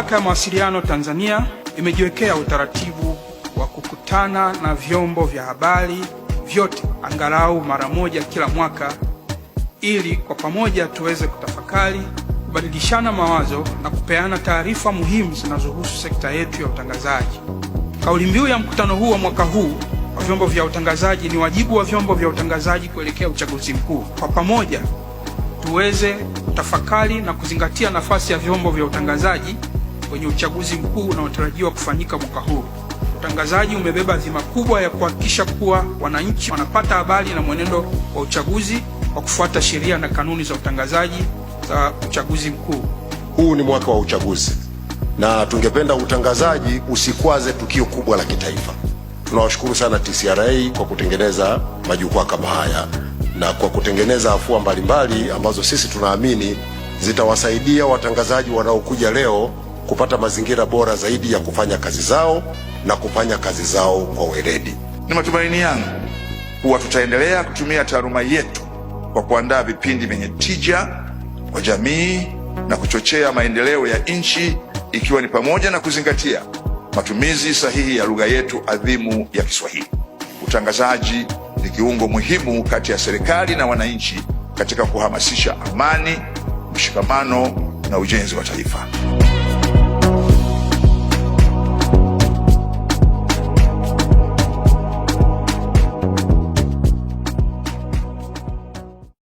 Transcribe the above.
Mamlaka ya Mawasiliano Tanzania imejiwekea utaratibu wa kukutana na vyombo vya habari vyote angalau mara moja kila mwaka ili kwa pamoja tuweze kutafakari, kubadilishana mawazo na kupeana taarifa muhimu zinazohusu sekta yetu ya utangazaji. Kauli mbiu ya mkutano huu wa mwaka huu wa vyombo vya utangazaji ni wajibu wa vyombo vya utangazaji kuelekea uchaguzi mkuu. Kwa pamoja tuweze kutafakari na kuzingatia nafasi ya vyombo vya utangazaji kwenye uchaguzi mkuu unaotarajiwa kufanyika mwaka huu. Utangazaji umebeba dhima kubwa ya kuhakikisha kuwa wananchi wanapata habari na mwenendo wa uchaguzi kwa kufuata sheria na kanuni za utangazaji za uchaguzi mkuu. Huu ni mwaka wa uchaguzi na tungependa utangazaji usikwaze tukio kubwa la kitaifa. Tunawashukuru sana TCRA kwa kutengeneza majukwaa kama haya na kwa kutengeneza afua mbalimbali ambazo sisi tunaamini zitawasaidia watangazaji wanaokuja leo kupata mazingira bora zaidi ya kufanya kazi zao na kufanya kazi zao kwa weledi. Ni matumaini yangu kuwa tutaendelea kutumia taaluma yetu kwa kuandaa vipindi vyenye tija kwa jamii na kuchochea maendeleo ya nchi, ikiwa ni pamoja na kuzingatia matumizi sahihi ya lugha yetu adhimu ya Kiswahili. Utangazaji ni kiungo muhimu kati ya serikali na wananchi katika kuhamasisha amani, mshikamano na ujenzi wa taifa.